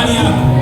Alian.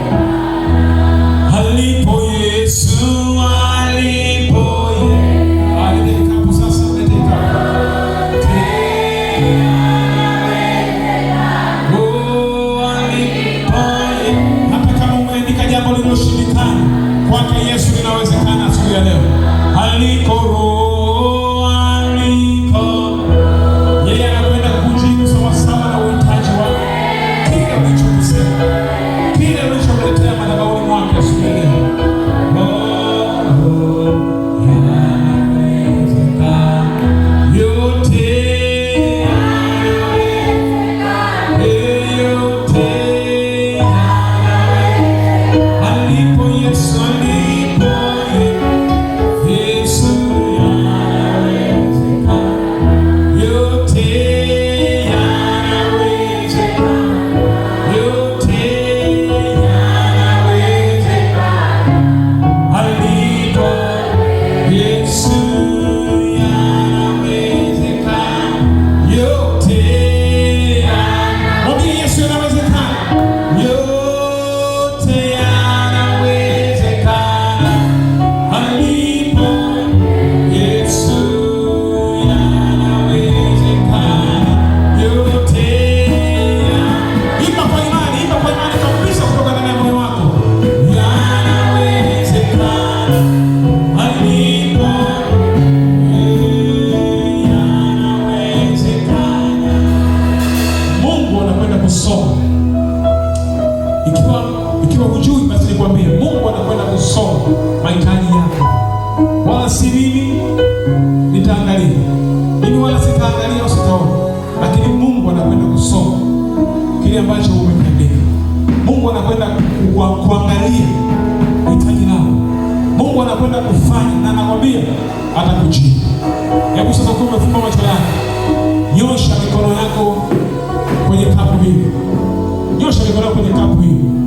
mwambie Mungu anakwenda kusoma mahitaji yako, wala si mimi nitaangalia mimi, wala sitaangalia usitaona, lakini Mungu anakwenda kusoma kile ambacho umekadiria. Mungu anakwenda kuangalia hitaji lako, Mungu anakwenda kufanya na anakwambia atakujibu. Hebu sasa kuwa umefumba macho yako, nyosha mikono yako kwenye kapu hili, nyosha mikono yako kwenye kapu hili.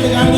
Obrigado.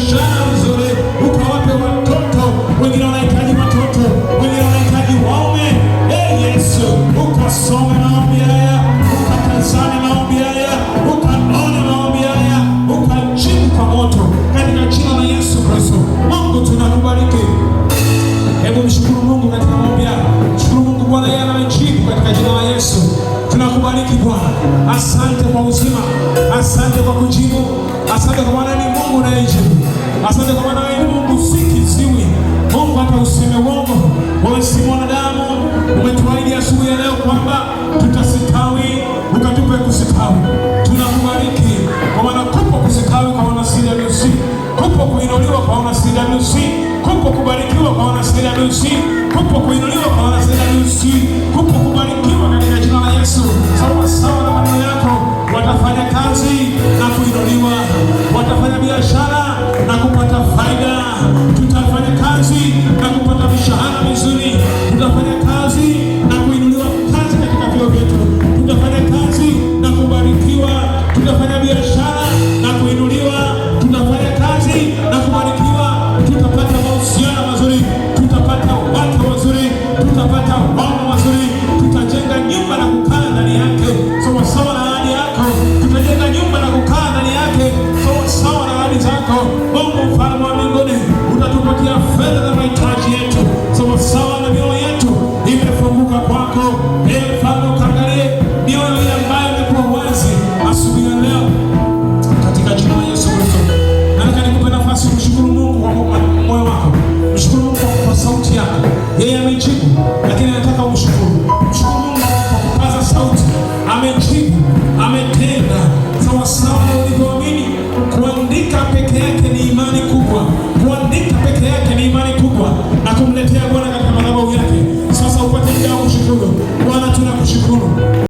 Kristo, katika jina la Yesu Kristo. Mungu tunakubariki. Hebu mshukuru Mungu katika maombi yako. Mshukuru Mungu Bwana, yeye anajibu katika jina la Yesu. Tunakubariki Bwana, asante kwa uzima, asante kwa kujibu, asante kwa maana ni Mungu unayejibu, asante kwa maana ni Mungu sikiziwi. Mungu hata useme uongo, wewe si mwanadamu. Umetuahidi asubuhi ya leo kwamba tutasitawi, ukatupe kusitawi. Tunakubariki kwa maana kupo kusitawi kwa wanasiri wanasdanusi kupo kubarikiwa kwa wanasdanusi kupo kuinuliwa kwa wanasdanusi kupo kubarikiwa katika jina la Yesu. sawa na maneno yako watafanya kazi na I'm a king. I'm a king.